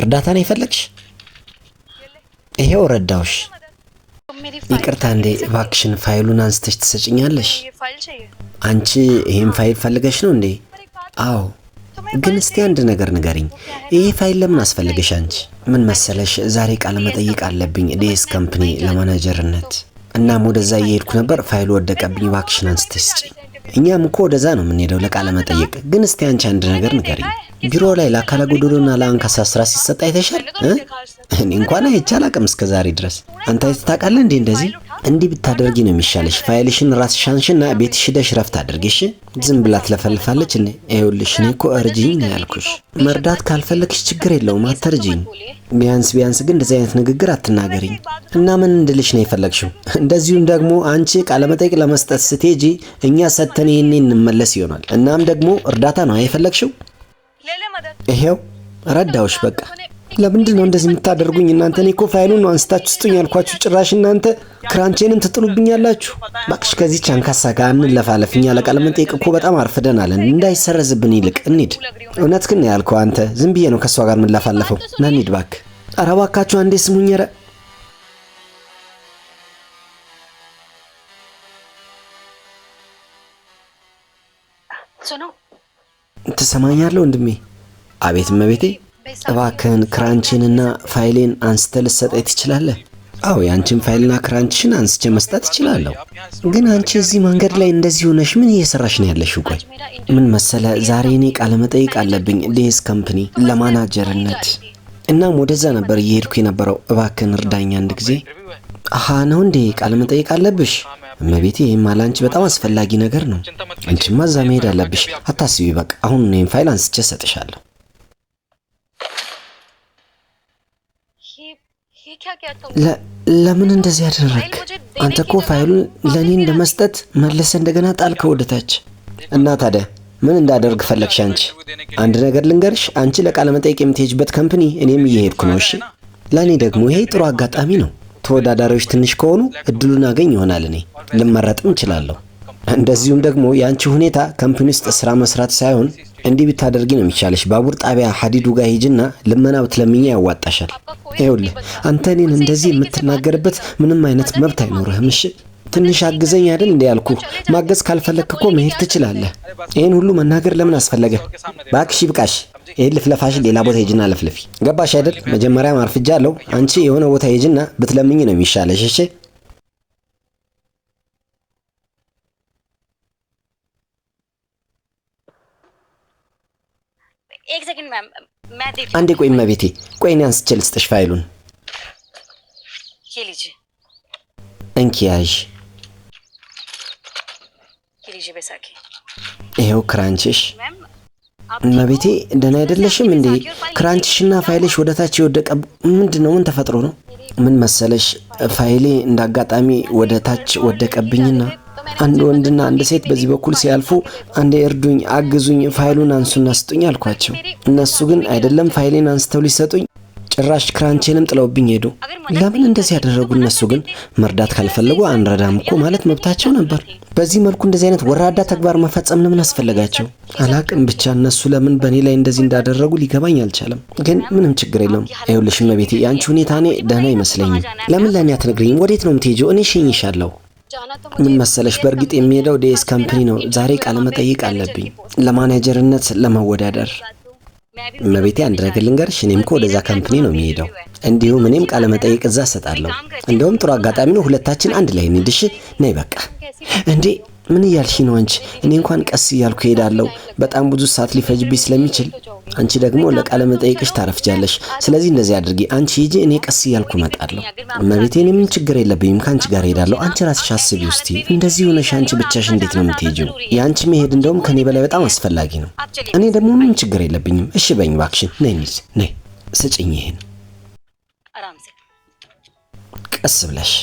እርዳታ ነው የፈለግሽ? ይሄው ረዳውሽ። ይቅርታ እንዴ፣ እባክሽን ፋይሉን አንስተሽ ትሰጭኛለሽ? አንቺ ይህም ፋይል ፈልገሽ ነው እንዴ? አዎ። ግን እስቲ አንድ ነገር ንገሪኝ፣ ይሄ ፋይል ለምን አስፈልገሽ? አንቺ ምን መሰለሽ፣ ዛሬ ቃለ መጠይቅ አለብኝ ዴስ ካምፕኒ ለማናጀርነት። እናም ወደዛ እየሄድኩ ነበር፣ ፋይሉ ወደቀብኝ። እባክሽን አንስተሽ ስጪኝ። እኛም እኮ ወደዛ ነው የምንሄደው ለቃለ መጠይቅ። ግን እስቲ አንቺ አንድ ነገር ንገሪኝ ቢሮ ላይ ለአካለ ጎደሎና ለአንካሳ ስራ ሲሰጥ አይተሻል? እኔ እንኳን አይቼ አላቅም እስከ ዛሬ ድረስ። አንተ አይተህ ታውቃለህ እንዴ? እንደዚህ እንዲህ ብታደርጊ ነው የሚሻለሽ። ፋይልሽን ራስ ሻንሽና ቤትሽ ሂደሽ ረፍት አድርጊሽ። ዝም ብላ ትለፈልፋለች። እኔ ይኸውልሽ፣ እኔ እኮ እርጅኝ ነው ያልኩሽ። መርዳት ካልፈለግሽ ችግር የለውም አተርጅኝ። ቢያንስ ቢያንስ ግን እንደዚህ አይነት ንግግር አትናገሪኝ። እና ምን እንድልሽ ነው የፈለግሽው? እንደዚሁም ደግሞ አንቺ ቃለመጠይቅ ለመስጠት ስትሄጂ እኛ ሰተን ይህኔ እንመለስ ይሆናል። እናም ደግሞ እርዳታ ነው የፈለግሽው? ይሄው ረዳውሽ። በቃ ለምንድን ነው እንደዚህ የምታደርጉኝ እናንተ? እኔ እኮ ፋይሉን ነው አንስታችሁ ስጡኝ ያልኳችሁ፣ ጭራሽ እናንተ ክራንቼንም ትጥሉብኛላችሁ። እባክሽ ከዚህ ቻንካሳ ጋር እንለፋለፍኛ። ለቃለ መጠየቅ እኮ በጣም አርፍደናለን። እንዳይሰረዝብን ይልቅ እንሂድ። እውነት ግን ያልከው አንተ ዝም ብዬ ነው ከእሷ ጋር የምንለፋለፈው። ና እንሂድ እባክህ። ኧረ እባካችሁ አንዴ ስሙኝ። ኧረ ነው ትሰማኛለህ ወንድሜ? አቤት እመቤቴ። እባክህን ክራንችንና ፋይሌን አንስተህ ልትሰጠኝ ትችላለህ? አዎ የአንቺን ፋይልና ክራንችሽን አንስቼ መስጠት እችላለሁ። ግን አንቺ እዚህ መንገድ ላይ እንደዚህ ሆነሽ ምን እየሰራሽ ነው ያለሽው? ቆይ ምን መሰለ፣ ዛሬ እኔ ቃለ መጠይቅ አለብኝ ዴዝ ከምፕኒ ለማናጀርነት። እናም ወደዛ ነበር እየሄድኩ የነበረው። እባክህን እርዳኝ አንድ ጊዜ። አሃ ነው እንዴ? ቃለ መጠይቅ አለብሽ? እመቤቴ ይህም አላንቺ በጣም አስፈላጊ ነገር ነው። አንቺማ እዛ መሄድ አለብሽ። አታስቢ፣ በቃ አሁን እኔም ፋይል አንስቼ እሰጥሻለሁ። ለምን እንደዚህ ያደረግ? አንተ እኮ ፋይሉን ለእኔ እንደመስጠት መለሰ እንደገና ጣል ወደታች። እና ታዲያ ምን እንዳደርግ ፈለግሽ? አንቺ አንድ ነገር ልንገርሽ፣ አንቺ ለቃለ መጠየቅ የምትሄጅበት ከምፕኒ እኔም እየሄድኩ ነው። እሺ፣ ለእኔ ደግሞ ይሄ ጥሩ አጋጣሚ ነው። ተወዳዳሪዎች ትንሽ ከሆኑ እድሉን አገኝ ይሆናል። እኔ ልመረጥም እችላለሁ። እንደዚሁም ደግሞ የአንቺ ሁኔታ ካምፕኒ ውስጥ ስራ መስራት ሳይሆን እንዲህ ብታደርጊ ነው የሚቻለሽ። ባቡር ጣቢያ ሀዲዱ ጋር ሂጅና ልመና ብትለምኛ ያዋጣሻል። ይኸውልህ አንተ እኔን እንደዚህ የምትናገርበት ምንም አይነት መብት አይኖርህም። እሺ ትንሽ አግዘኝ አይደል እንዲ ያልኩ። ማገዝ ካልፈለክኮ እኮ መሄድ ትችላለህ። ይህን ሁሉ መናገር ለምን አስፈለገ? ባክሺ ይብቃሽ። ይህን ልፍለፋሽ ሌላ ቦታ ሄጅና ልፍልፊ። ገባሽ አይደል? መጀመሪያም ማርፍጃ አለው። አንቺ የሆነ ቦታ ሄጅና ብትለምኝ ነው የሚሻለሽ። እሺ አንዴ ቆይ መቤቴ፣ ቆይ እኔ አንስቼ ልስጥሽ ፋይሉን እንኪያዥ ይኸው ክራንችሽ እመቤቴ ደህና አይደለሽም እንዴ? ክራንችሽና ፋይልሽ ወደ ታች የወደቀ ምንድን ነው? ምን ተፈጥሮ ነው? ምን መሰለሽ፣ ፋይሌ እንደ አጋጣሚ ወደ ታች ወደቀብኝና አንድ ወንድና አንድ ሴት በዚህ በኩል ሲያልፉ አንዴ እርዱኝ፣ አግዙኝ፣ ፋይሉን አንሱና ስጡኝ አልኳቸው። እነሱ ግን አይደለም ፋይሌን አንስተው ሊሰጡኝ ጭራሽ ክራንቼንም ጥለውብኝ ሄዱ። ለምን እንደዚህ ያደረጉ? እነሱ ግን መርዳት ካልፈለጉ አንረዳም እኮ ማለት መብታቸው ነበር። በዚህ መልኩ እንደዚህ አይነት ወራዳ ተግባር መፈጸም ለምን አስፈለጋቸው? አላቅም። ብቻ እነሱ ለምን በእኔ ላይ እንደዚህ እንዳደረጉ ሊገባኝ አልቻለም። ግን ምንም ችግር የለውም። ይኸውልሽ እመቤቴ፣ የአንቺ ሁኔታ እኔ ደህና አይመስለኝም። ለምን ለእኔ አትነግሪኝም? ወዴት ነው የምትሄጂው? እኔ እሸኝሻለሁ። ምን መሰለሽ፣ በእርግጥ የሚሄደው ዴስ ካምፕኒ ነው። ዛሬ ቃለ መጠይቅ አለብኝ ለማኔጀርነት ለመወዳደር መቤቴ አንድ ነገር ልንገርሽ፣ እኔም እኮ ወደዛ ካምፕኒ ነው የሚሄደው። እንዲሁም እኔም ቃለ መጠይቅ እዛ እሰጣለሁ። እንደውም ጥሩ አጋጣሚ ነው፣ ሁለታችን አንድ ላይ እንሂድ። እሺ ነይ። በቃ እንዴ ምን እያልሽ ነው አንቺ? እኔ እንኳን ቀስ እያልኩ እሄዳለሁ። በጣም ብዙ ሰዓት ሊፈጅብኝ ስለሚችል አንቺ ደግሞ ለቃለ መጠይቅሽ ታረፍጃለሽ። ስለዚህ እንደዚህ አድርጊ፣ አንቺ ሂጂ፣ እኔ ቀስ እያልኩ እመጣለሁ። እመቤቴ፣ እኔ ምን ችግር የለብኝም ከአንቺ ጋር እሄዳለሁ። አንቺ ራስሽ አስቢ ውስቲ። እንደዚህ ሆነሽ አንቺ ብቻሽ እንዴት ነው የምትሄጂው? የአንቺ መሄድ እንደውም ከእኔ በላይ በጣም አስፈላጊ ነው። እኔ ደግሞ ምን ችግር የለብኝም። እሺ በኝ እባክሽን። ነይ እንሂድ፣ ነይ ስጭኝ፣ ይሄን ቀስ ብለሽ